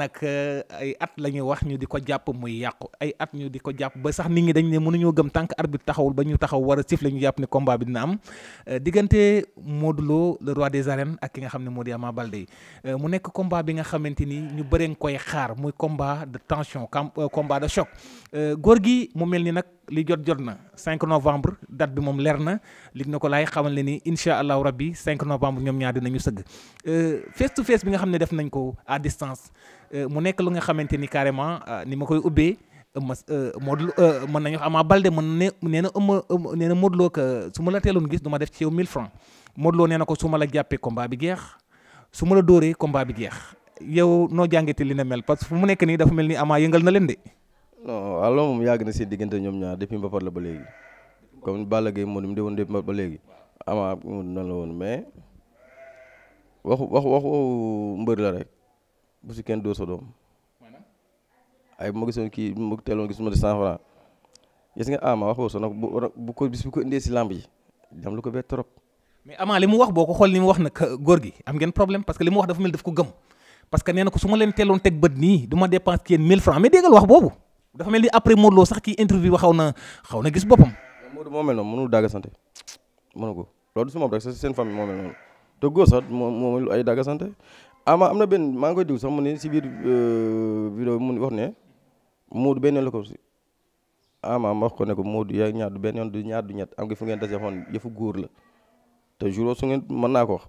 daanaka ay at la ñuy wax ñu di ko jàpp muy yàqu ay at ñu di ko jàpp ba sax nit ñi dañ ne mënuñoo gëm tant que taxawul ba ñu taxaw war a sif la ñu jàpp ne combat bi dina am euh, diggante Modou Lo le roi des arènes ak ki nga xam ne moo di Ama Baldé euh, mu nekk combat bi nga xamante ni ñu bëree nga koy xaar muy combat de tension euh, combat de choc góor gi mu mel ni nag li jot jot na cinq novembre date bi moom leer na li na ko laay xamal ni incha allahu rabbi 5 novembre bi nga xam ne def nañ ko Euh, mu nekk lu nga xamante ni carrément euh, ni ma koy ubbee euh, ma Modou mën nañu wax Ama Baldé mën ne nee na ëmma nee na Modou su ma la teeloon gis du ma def ci yow 1000 francs Modou Lo nee na ko su ma la jàppee komba bi jeex su ma la dóoree combat bi jeex yow noo jàngatee li na mel parce que fu mu nekk nii dafa mel ni amaa yëngal na leen de. non waaw loolu moom yàgg na seen diggante ñoom ñaar depuis Mbapat la ba léegi comme bala Gaye moo ni mu demoon woon Mbapat ba léegi Ama na la woon mais waxu bu si kenn dóor sa doom ay ma gisoon kii ma teeloon gis ma de cent franc gis nga ama waxoo so nag bu ko bis bu ko indee si làmb yi lu ko bett trop. mais ama li mu wax boo ko xool li mu wax nag góor gi am ngeen problème parce que li mu wax ko gëm parce que nee na ko su ma leen teeloon teg bët nii du ma dépense ki yéen 1000 francs mais déggal wax boobu dafa mel ni après Modou Lo sax kii interview xaw na xaw na gis boppam. Modou moo mel noonu mënul daaga santé mënu ko loolu du si moom rek seen famille moo mel noonu te góor amma am na benn maa ngi sax mu ne si biir euh, vidéo bi mu wax ne Moodu benn la ko si wax ko ne ko Moodu yaa ñaar du benn yoon du ñaar du ñett am nga fu ngeen dase xoon yëfu góor la te jour boobu mën naa ko wax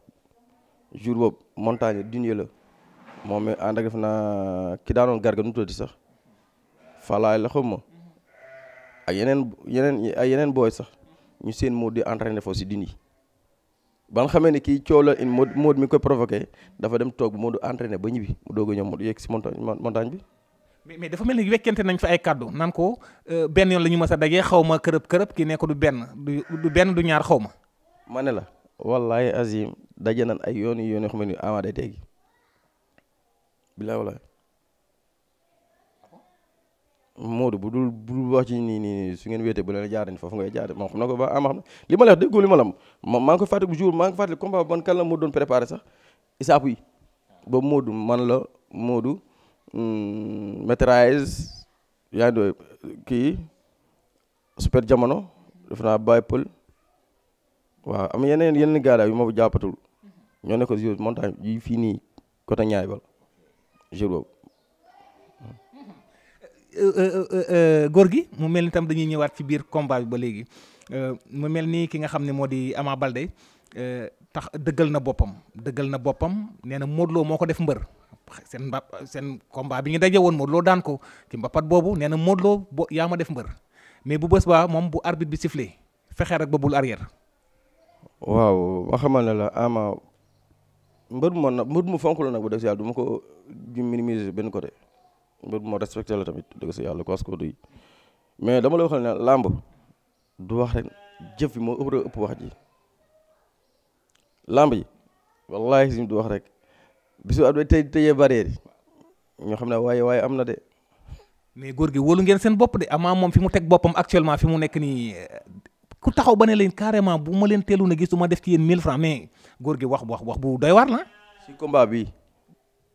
jour boobu montagne dunier la moom mi ànd ak def naa ki daanoon garga nu tuddati sax falaay la ma ak yeneen yeneen ay yeneen booy sax ñu seen Moodu di entraîné foofu si dindi ba nga xamee ne kii coow la in Modou Modou mi ko provoqué dafa dem toog Modou entraîné ba ñibbi mu doog a ñëw Modou yegg si montagne montagne bi. mais mais dafa mel ni wekkente nañ fa ay kàddu naan ko euh, benn yoon la ñu mës a dajee xaw ma kërëb kërëb ki nekk ko du benn du benn du ñaar xaw ma. ma ne la wallaahi Azim daje nan ay yoon yu yoon yoo xam ne nii Ama day teggi bilaay Modou bu dul bu dul wax ci nii nii su ngeen wéetee bu leen jaaree foofu ngay jaaree moom na ko ba ama ah, xam na li ma la wax déggoo ma la am maa ko fàttali jour maa ngi fàttali combat ban kan la moo doon préparé sax isaapu yi ba Modou man la Modou hmm, maîtrise yaa kii super jamono def naa Baye Pël waaw am yeneen yeneen gaaraay yu ma jàppatul mhm. ñoo nekk ko jour montagne yi fii nii côté Niayes ba boobu Euh, euh, euh, góor gi mu mel ni tam dañuy ñëwaat ci biir combat bi ba léegi mu mel ni ki nga xam ne moo di Ama Baldé tax dëggal na boppam dëggal na boppam nee na Modou moo ko def mbër seen mba seen combat bi ñu dajee woon Modou Lo daan ko ci mbapat boobu nee na Modou Lo yaa ma def mbër mais bu bës baa moom bu arbitre bi sifflé fexe rek ba bul arrière. waaw ma xamal ne la Ama mbër mu mën na mbër mu fonk la nag bu def si yàlla du ma ko minimiser benn côté. mbir moo respecté la tamit dëgg si yàlla quoi du mais dama la waxal ne làmb du wax rek jëf bi moo ëpp wax ji làmb yi wallaahi si du wax rek bisu at bi tey tëyee barrière ñoo xam ne waaye waaye am na de. mais góor gi wóolu ngeen seen bopp de amaa moom fi mu teg boppam actuellement fi mu nekk nii ku taxaw ba ne leen carrément bu ma leen teelu na gis du def ci yéen mille francs mais góor wax wax wax bu doy waar na. si combat bi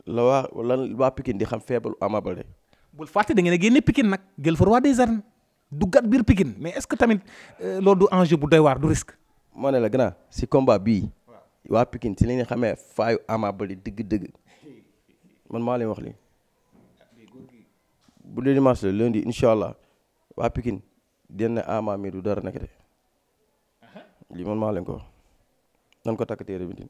la waa lan waa Pikine di xam feebalu Ama Baldé. bul fàtte da ngeen a génne Pikine nag jël fa roi des arènes du gat bir pikin mais est-ce que tamit euh, loolu du enjeu bu doy waar du risque. ma ne la gën si combat bii. waa Pikine si li ñu xamee faayu Ama Baldé dëgg-dëgg man maa leen wax lii bu dee dimanche la lundi incha allah waa Pikine dina Ama mi du dara nekk de man maa ko wax ko takk téere bi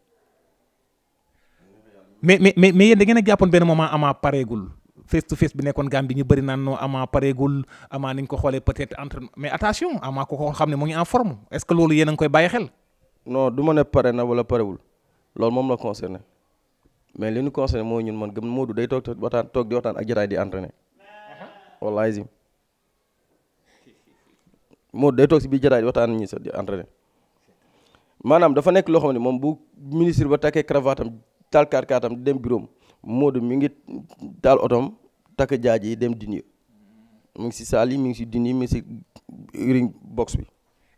mais mais mais mais yéen da ngeen a jàppoon benn moment Ama pareegul face to face bi nekkoon Gambie ñu bëri naan noo Ama pareegul Ama ni ñu ko xoolee peut-être entraînement mais attention Ama ko ko xam ne mu ngi en forme est-ce que loolu a ngi pare loolu moom la concerné mais li ñu concerné ñun man gëm Modou day toog di waxtaan toog di waxtaan ak jotaay di entraîné wallaahi zim Modou day toog si biir jotaay di waxtaan ñi sax maanaam dafa nekk loo xam ne moom bu ministre ba takkee cravate am taal kaat kaatam dem bureau Modou mi ngi taal otom takk jaaj yi dem dini mu ngi si saal yi mi ngi si dini mi ngi si ring box bi.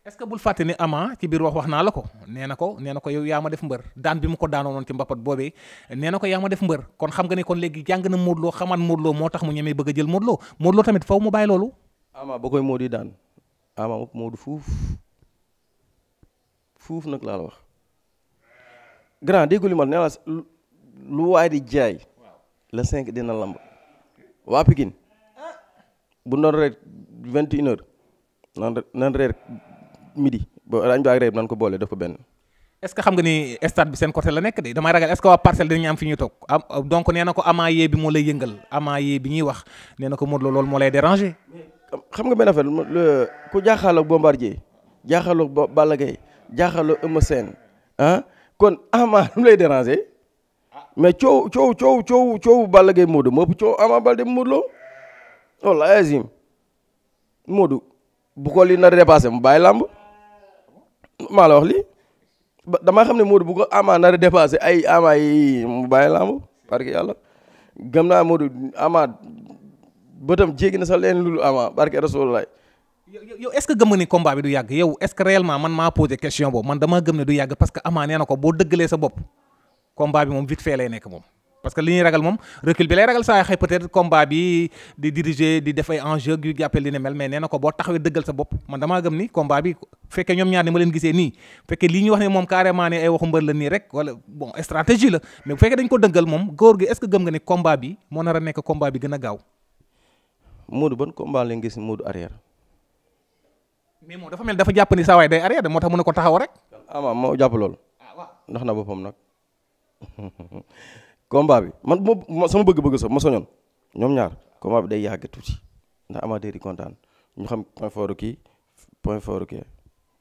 est-ce que bul fàtte ni Ama ci biir wax wax naa la ko nee na ko nee na ko yow yaa ma def mbër daan bi mu ko daanoonoon ci mbapat boobee nee ko yaa ma def mbër kon xam nga ne kon léegi jàng na Modou Lo xamaat Modou Lo moo tax mu ñemee bëgg a jël Modou Lo Modou Lo tamit faw mu bàyyi loolu. Ama ba koy Modou daan Ama moom Modou fuuf grand déggu li lu waay di jaay le cinq dina lamb waa Pikine bu noon reer vingt et une heures nan nan nan ko boole def ko benn. est-ce que xam nga ni stade bi seen côté la nekk de damay ragal est-ce que waa parcelle dinañu am fi ñuy toog donc nee na ko amaa yee bi moo lay yëngal amaa yee bi ñuy wax nee na ko Modou lool moo lay déranger. xam nga benn affaire ku jaaxaaloog Bombardier jaaxaaloog Balla Gaye jaaxaaloog Eumeu Sène ah, kon Ama lu lay déranger ah. mais coow coow coow coow Balla Gaye Modou moo ëpp coow Ama Baldé Modou Lo wallahi azim Modou bu ko lii nar a mu bàyyi làmb maa la wax lii damaa xam ne Modou bu ko Ama nar a dépassé ay Ama yi mu bàyyi làmb parce que yàlla gëm naa Modou Ama bëtam jéggi na sax leen lu Ama barke Rasulullah yow est-ce que gëm ni combat bi du yàgg yow est-ce que réellement man maa posé question boobu man damaa gëm ne du yàgg parce que Ama nee ko boo dëggalee sa bopp combat bi li ñuy ragal moom recul bi lay ragal saa xëy peut di diriger di def enjeu yu jàppee li ne mel mais nee ko boo taxawee dëggal sa bopp man damaa gëm ni combat bi fekkee ñoom ñaar ni ma leen gisee nii fekkee lii ñu wax ne moom carrément ne ay waxu mbër la nii rek wala bon stratégie la mais bu fekkee dañ ko dëggal moom góor gi est-ce que gëm nga ni a nekk combat bi gën a gaaw. Modou ban combat lañ mais moom dafa mel dafa jàpp ni saa waay day arrière moo tax mën a ko taxaw rek. ama ah, moo jàpp loolu. Ah, na boppam nag. bi man ma bëgg-bëgg sax ñoom ñaar combat bi day yàgg tuuti ndax amateur kontaan ñu xam point fort kii point fort kii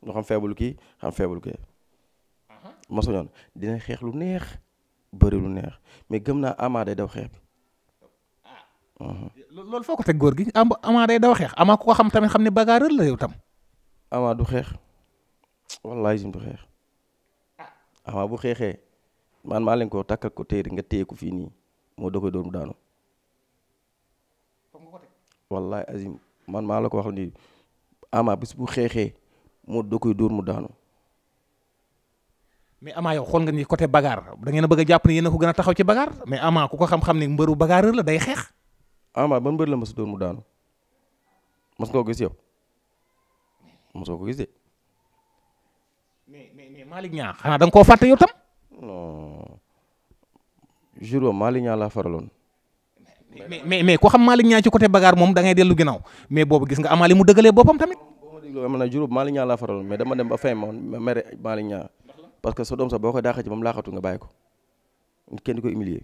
ñu uh-huh. dina xeex lu neex bëri lu neex mais gëm naa ama day daw xeex bi. Ah. Uh-huh. loolu foo ko teg góor gi ama day daw xeex ama ku ko xam tamit xam ne bagarreur la yow tam. Ama du xeex wallaay sim du xeex ah. Ama bu xeexee man maa leen ko takkal ko téere nga téye ko fii nii moo da koy doon mu daanu wallaay azim maa la ko wax ni Ama bis bu xeexee moo da koy dóor mu daanu. mais Ama yow xool nga ni côté bagaar dangeen ngeen bëgg a jàpp ne yéen ko gën a taxaw ci bagaar mais Ama ku ko xam-xam ne mbëru bagaareur la day xeex. Ama ba mbër la mos dóor mu daanu mos nga ko gis yow. mosoo ko gis de. mais mais mais Malick Niang xanaa da nga koo fàtte tam. non jour ba Malick Niang laa faraloon. mais mais xam Malick Niang ci côté bagaar moom da ngay dellu ginnaaw mais boobu gis nga amaali mu dëggalee boppam tamit. boo ma dégloo ma ne jour ba Malick Niang laa faraloon mais dama dem ba fin ma ma mere Malick Niang parce que sa doom sax boo ko daaxee ci moom laaxatu nga bàyyi ko kenn di ko humilier.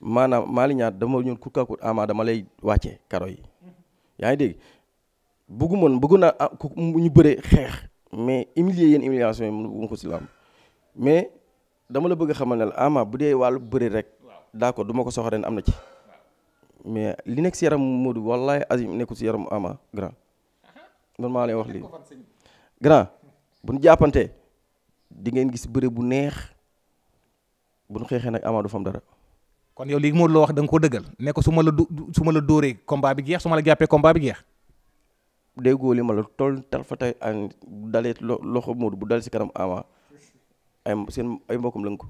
maanaam Malick Niang dama ñëw ku kàkku ama dama lay wàccee karo yi mm-hmm. dégg bëggu moon bëggu naa ah ñu bëree xeex mais humilier yéen humiliation yi mu ko si làmb mais dama la bëgg xamal ne la bu dee wàllu bëri rek d'accord du duma ko soxla ren am na ci mais li nekk si yaram Modou wallahi azim nekkul si yaram ama grand man maa lay wax lii grand bu ñu jàppante di ngeen gis bëre bu neex bu ñu xeexee nag amaa du fam dara. kon yow léegi Modou loo wax da nga koo dëggal nekk ko su ma la du su ma la dóoree combat bi jeex su la jàppee combat bi geex déggoo li ma la toll tal fa tey an dalee loxo Modou bu dal si kanam Ama ay seen ay mbokkum lañ ko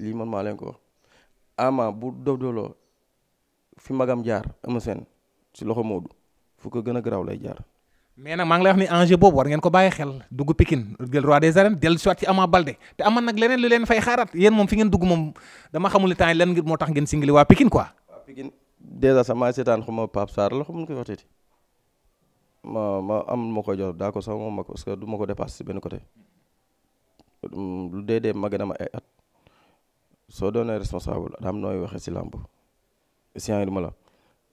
lii man maa leen ko wax bu dof doloo fi magam jaar ama seen si loxo Modou fu ko gën a garaaw lay jaar mais nag maa ngi lay wax ni enjeu boobu war ngeen ko bàyyi xel dugg Pikine jël roi des arènes dellu siwaat ci Ama Baldé te aman nag leneen lu leen fay xaaraat yéen moom fi ngeen dugg moom dama xamul temps yi moo tax ngeen singili waa Pikine quoi dèjà sax maa seetaan xuma Pape Sarr la xum nu koy waxteeti ma ma am nu ma ko jox daa ko sax moom ma ko parce ko dépassé si benn côté lu dee dee mag na ma soo doonee responsable daa am nooy waxee si làmb sien ma la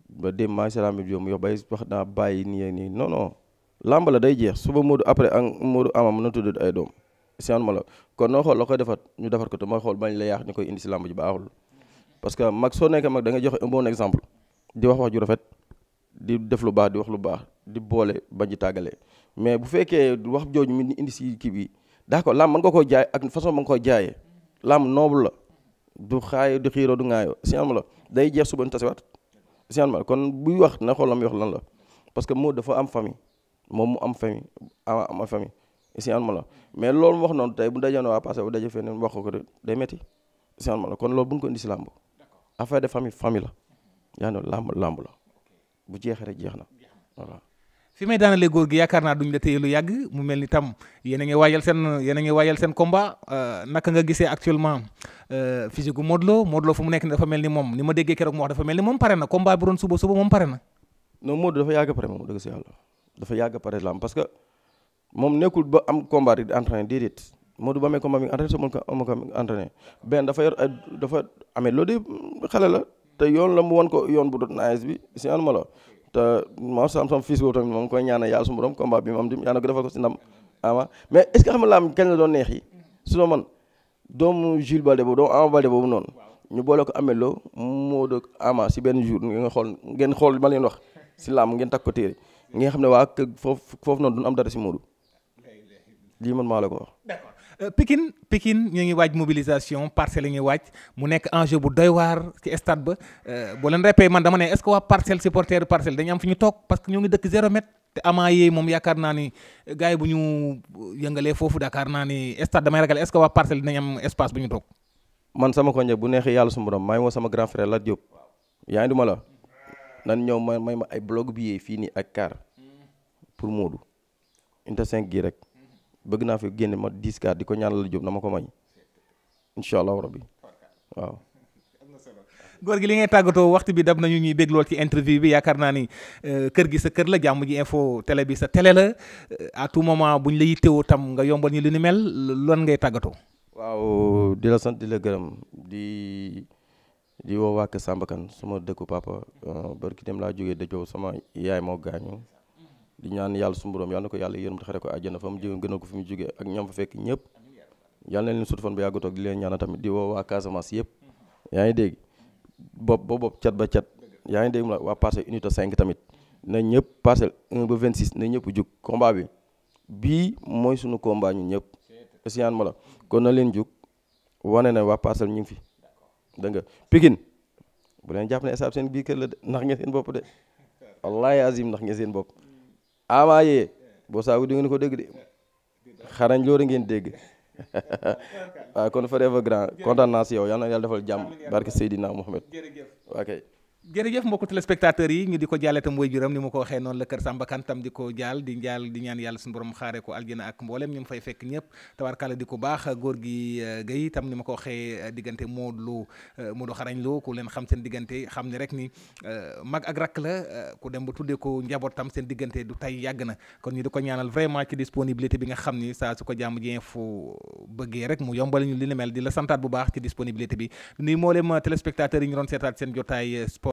ba dem maa ngi si làmb bi mu yox bay wax naa bàyyi nii ak nii làmb la day jeex suba Modou après ak Modou amam na tudd ay doom sien la kon noo xool koy defat ñu defar ko te mooy xool la yaax ñu koy indi si làmb ji baaxul parce que mag soo nekkee mag da nga joxe un bon exemple di wax wax ju rafet di def lu baax di wax lu baax di boole bañ ci tàggale mais bu fekkee wax jooju ni indi si kii bi d'accord lam mën nga koo jaay ak façon ba nga koo jaaye lam noobu la du xaay du xiiroo du ŋaayoo si am la day jeex suba ñu tasewaat si am la kon buy wax na xool la muy wax lan la parce que moo dafa am famille moom mu am fami ama am famille si am la mais loolu mu wax noonu tey bu dajoon waa passé bu daje feneen wax ko de day métti si kon loolu ko indi si làmb affaire de famille famille la yaa ngi làmb làmb la bu jeexee rek jeex na fi may daanalee góor gi yaakaar naa duñ la te lu yàgg mu mel ni tam yéen a ngi waajal seen yéen a ngi waajal seen combat euh, naka nga gisee actuellement euh, physique gu Modou Lo Modou Lo fu mu nekk nii dafa mel ni moom ni ma déggee keroog mu wax dafa mel ni moom pare na combat bi doon suba suba moom pare na. non Modou dafa yàgg pare moom dëgg si dafa yàgg pare la parce que moom nekkul ba am combat di entraîné déedéet Modou Ba amee combat mi ngi de xale la te yoon la mu won ko yoon bu dut naes bi si anuma la ma sam sam fils boobu bi moom tamit yàlla na ko defal ko si ndam ama mais est ce que xam nga laam kañ la doon neex yi su doon Balde boobu noonu ñu boole ko amee loo Modou Ama si benn jour nga xool ngeen xool ma leen wax si laam ngeen takk ko téere nga xam ne waa kër foofu foofu noonu duñ am dara si Modou lii man maa ko Euh, Pikine Pikine ñu ngi waaj mobilisation parcelle yi ngi waaj mu nekk enjeu bu doy waar ci stade ba euh, boo leen reppee man dama ne est-ce que waa parcelle supporter parcelle dañu am fi ñu toog parce que ñoo ngi dëkk zéro mètre euh, bu ñu yëngalee foofu yaakaar naa ni stade damay ragal est-ce que waa parcelle bu ñu toog. man sama koñ bu neexee yàlla suñu borom maa ngi woo sama grand frère la Diop yaa ngi la nan ñëw may ma ay blog bi fii nii ak car pour moo inte 5 gii rek. bëgg naa fi génne ma 10 cas di ko ñaanal Diop na ma ko may incha allahu rabbi waaw. góor gi li ngay tàggatoo waxtu bi dab nañu ñuy bég lool ci interview bi yaakaar naa ni euh, kër gi sa kër la jàmm ji info télé bi sa télé la euh, à tout moment bu ñu la yittewoo tam nga yombal ñi li ni mel lan ngay tàggatoo. waaw di la sant di la gërëm di di woo waa Kër Samba Kane sama dëkku papa euh, barki dem laa jógee dajoo sama yaay moo gaañu di ñaan yàll suñu borom yàlla na ko yàlla yërëm te xare ko àjjana fa mu jóge gën a ko mu jógee ak ñam fa fekk ñëpp yàlla na leen sut fan ba yàggu toog di leen ñaana tamit di woo waa Casamance yëpp yaa ngi dégg bopp ba bopp cat ba cat yaa ngi dégg mu la waa parcelle unité 5 tamit na ñëpp parcelle 1 ba 26 na ñëpp jug combat bi bii mooy suñu combat ñun ñëpp Océane ma la kon na leen jug wane na waa parcelle ñu ngi fi dégg nga Pikine bu leen jàpp ne esaab seen biir kër la de ndax ngeen seen bopp de wallaahi azim ndax ngeen seen bopp aawaaye boo saabu di ngeen ko dégg de xarañ loolu ngeen dégg waaw kon forever grand kontaan naa si yow yal na yàlla defal jàmm barke Seydina Mohamed waa jërëjëf mbokku téléspectateurs yi ñu di ko jaale tam way juram ni ma ko waxee noonu la kër Samba Kane tam di ko jaal di jaal di ñaan yàlla suñu borom xaaree ko aljana ak mboolem ñu fay fekk euh, tam ni ma ko xee euh, diggante Modou Lo euh, Modou xarañ Lo ku leen xam seen diggante xam ne rek ni mag ak rakk la ku dem ba tuddee ko njaboot tam seen diggante du tay yàgg na kon ñu di ko ñaanal vraiment ci disponibilité bi nga xam ni saa ko jàmm jeen fu bu baax ci disponibilité yi ñu doon seetaat seen jotaay